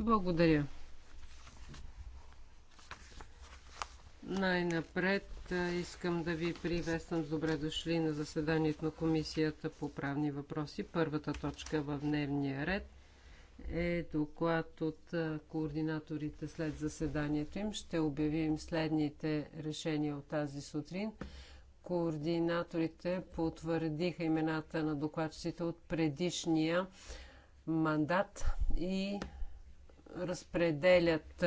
Благодаря. Най-напред искам да ви приветствам с добре дошли на заседанието на Комисията по правни въпроси. Първата точка в дневния ред е доклад от координаторите след заседанието им. Ще обявим следните решения от тази сутрин. Координаторите потвърдиха имената на докладчиците от предишния мандат и разпределят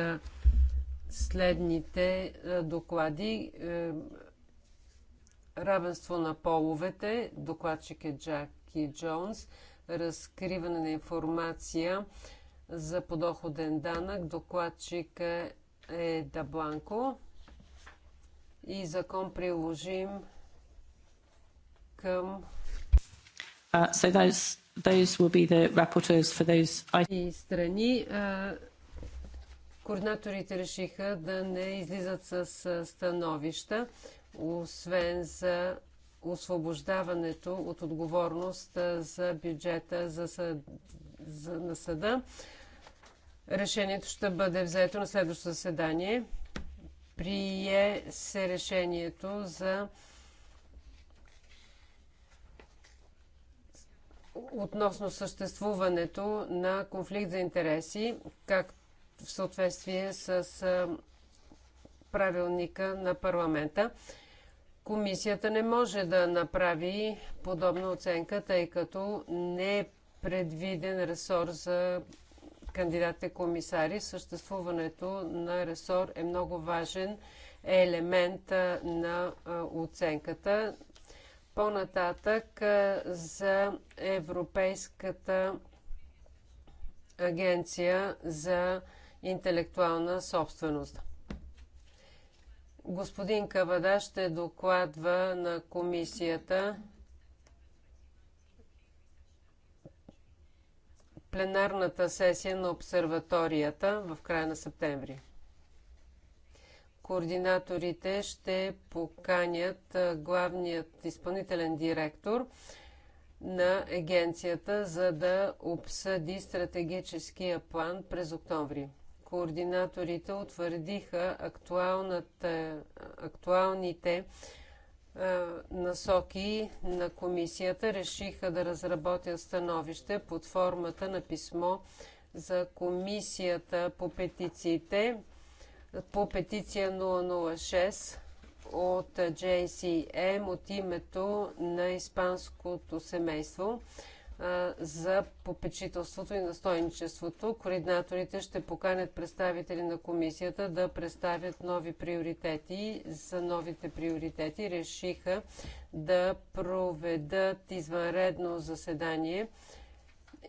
следните доклади. Е, равенство на половете, докладчик е Джаки Джонс, разкриване на информация за подоходен данък, докладчик е Дабланко и закон приложим към uh, so those Those will be the rapporteurs for those и страни. Координаторите решиха да не излизат с становища, освен за освобождаването от отговорност за бюджета за, съд, за, на съда. Решението ще бъде взето на следващото заседание. Прие се решението за относно съществуването на конфликт за интереси, както в съответствие с правилника на парламента. Комисията не може да направи подобна оценка, тъй като не е предвиден ресор за кандидатите комисари. Съществуването на ресор е много важен елемент на оценката. По-нататък за Европейската агенция за интелектуална собственост. Господин Кавада ще докладва на комисията пленарната сесия на обсерваторията в края на септември. Координаторите ще поканят главният изпълнителен директор на агенцията, за да обсъди стратегическия план през октомври. Координаторите утвърдиха актуалните а, насоки на комисията, решиха да разработят становище под формата на писмо за комисията по петициите по петиция 006 от JCM от името на испанското семейство за попечителството и настойничеството. Координаторите ще поканят представители на комисията да представят нови приоритети. За новите приоритети решиха да проведат извънредно заседание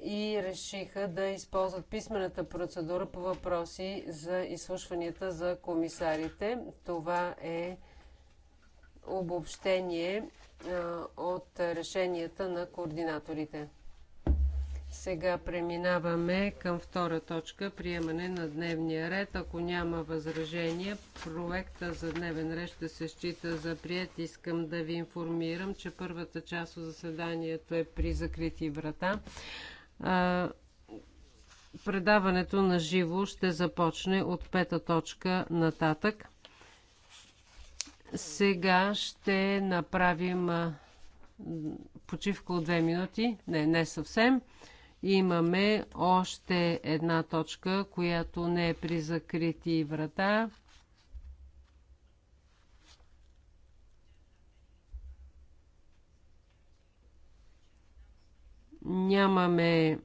и решиха да използват писмената процедура по въпроси за изслушванията за комисарите. Това е обобщение от решенията на координаторите. Сега преминаваме към втора точка приемане на дневния ред. Ако няма възражения, проекта за дневен ред ще се счита за прият. Искам да ви информирам, че първата част от заседанието е при закрити врата. Предаването на живо ще започне от пета точка нататък. Сега ще направим почивка от две минути. Не, не съвсем. Имаме още една точка, която не е при закрити врата. Нямаме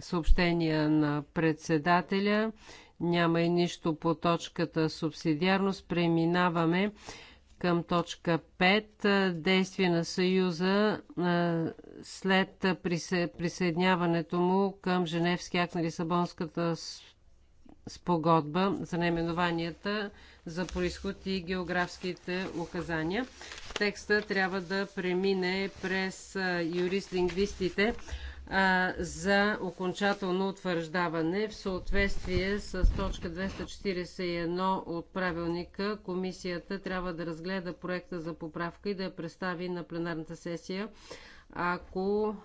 съобщения на председателя, няма и нищо по точката субсидиарност. Преминаваме към точка 5 действие на Съюза след присъединяването му към Женевския акт на Лисабонската спогодба за наименованията за происход и географските указания. Текста трябва да премине през юрист-лингвистите за окончателно утвърждаване в съответствие с точка 241 от правилника. Комисията трябва да разгледа проекта за поправка и да я представи на пленарната сесия, ако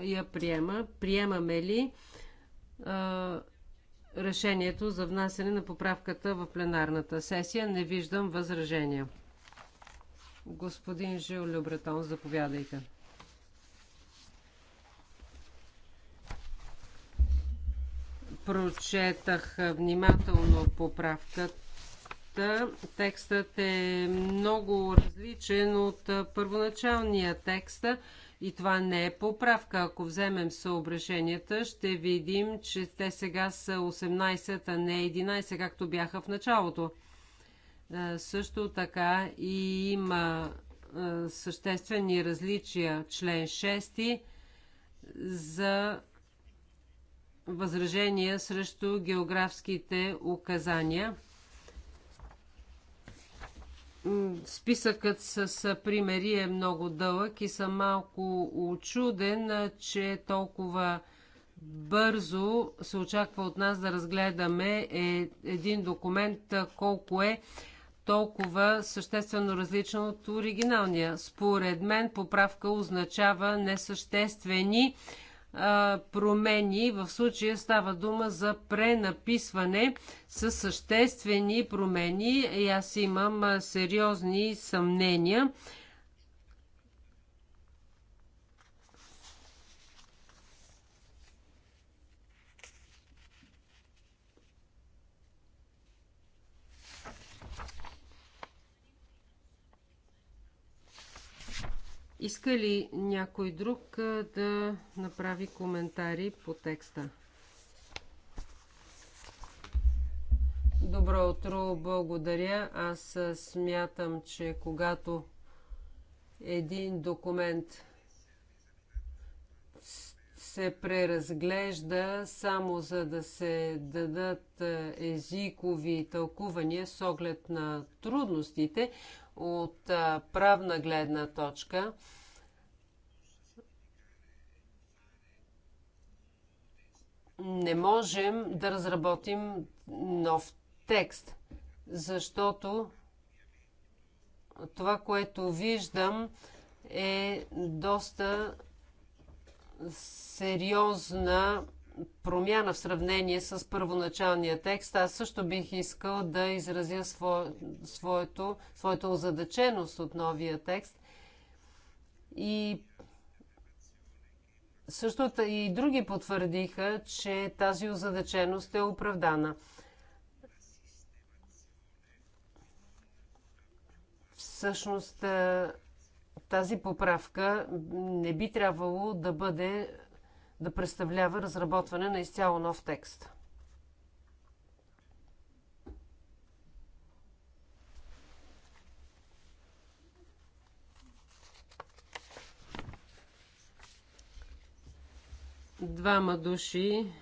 я приема. Приемаме ли решението за внасяне на поправката в пленарната сесия. Не виждам възражения. Господин Жил Любретон, заповядайте. Прочетах внимателно поправката. Текстът е много различен от първоначалния текст. И това не е поправка. Ако вземем съображенията, ще видим, че те сега са 18, а не 11, както бяха в началото. Е, също така и има е, съществени различия. Член 6 за възражения срещу географските указания. Списъкът с примери е много дълъг и съм малко очуден, че толкова бързо се очаква от нас да разгледаме е, един документ, колко е толкова съществено различен от оригиналния. Според мен поправка означава несъществени промени. В случая става дума за пренаписване с съществени промени и аз имам сериозни съмнения Иска ли някой друг да направи коментари по текста? Добро утро, благодаря. Аз смятам, че когато един документ се преразглежда само за да се дадат езикови тълкувания с оглед на трудностите, от правна гледна точка. Не можем да разработим нов текст, защото това, което виждам, е доста сериозна промяна в сравнение с първоначалния текст. Аз също бих искал да изразя сво, своето, своята озадаченост от новия текст. И също и други потвърдиха, че тази озадаченост е оправдана. Всъщност е, тази поправка не би трябвало да бъде да представлява разработване на изцяло нов текст. Двама души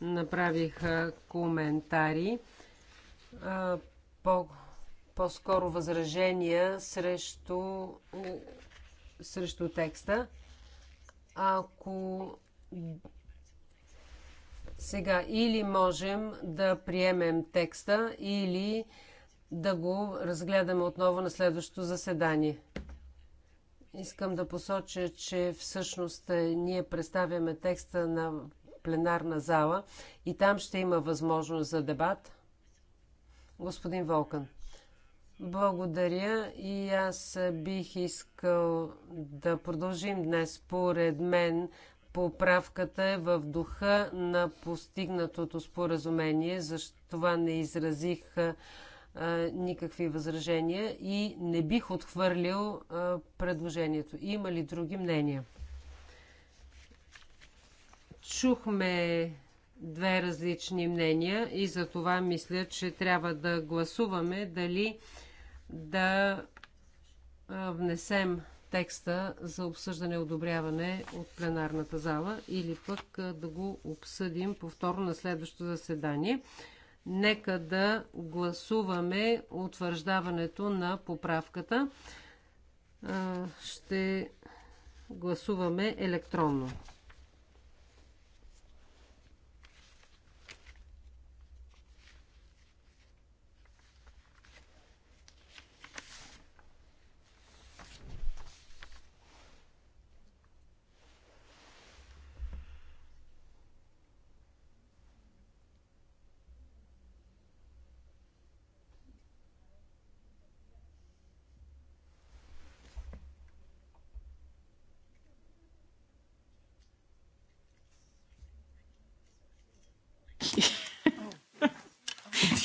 направиха коментари, по, по-скоро възражения срещу, срещу текста. Ако сега или можем да приемем текста, или да го разгледаме отново на следващото заседание. Искам да посоча, че всъщност е, ние представяме текста на пленарна зала и там ще има възможност за дебат. Господин Волкан, благодаря и аз бих искал да продължим днес. Поред мен Поправката е в духа на постигнатото споразумение, защото не изразих а, никакви възражения и не бих отхвърлил а, предложението. Има ли други мнения? Чухме две различни мнения и за това мисля, че трябва да гласуваме дали да внесем текста за обсъждане и одобряване от пленарната зала или пък да го обсъдим повторно на следващото заседание. Нека да гласуваме утвърждаването на поправката. Ще гласуваме електронно.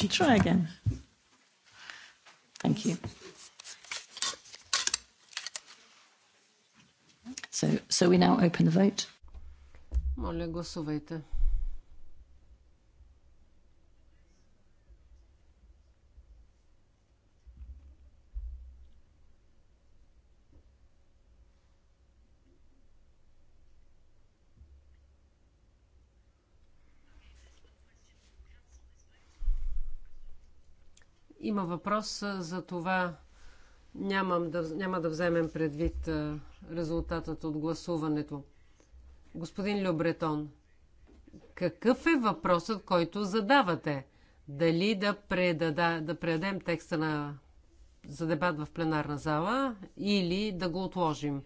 Try again. Thank you. So, so we now open the vote. Моля, гласувайте. Има въпрос за това. Нямам да, няма да вземем предвид резултатът от гласуването. Господин Любретон, какъв е въпросът, който задавате? Дали да, предада, да предадем текста на, за дебат в пленарна зала или да го отложим?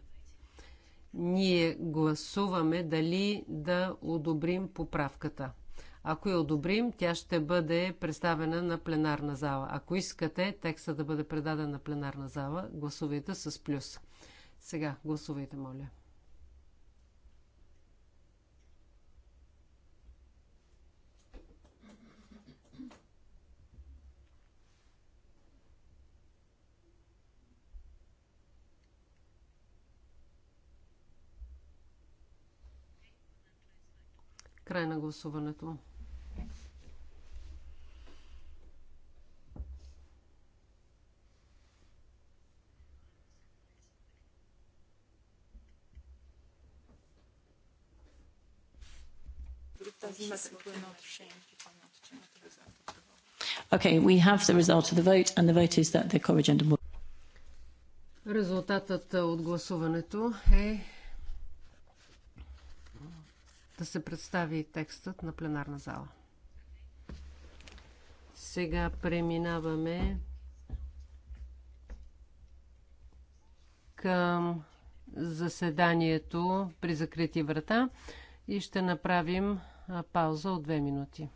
Ние гласуваме дали да одобрим поправката. Ако я одобрим, тя ще бъде представена на пленарна зала. Ако искате текста да бъде предаден на пленарна зала, гласувайте с плюс. Сега гласувайте, моля. Край на гласуването. Okay, we have the result of the vote and the vote is that the core agenda Резултатът от гласуването е да се представи текстът на пленарна зала. Сега преминаваме към заседанието при закрити врата и ще направим пауза от две минути.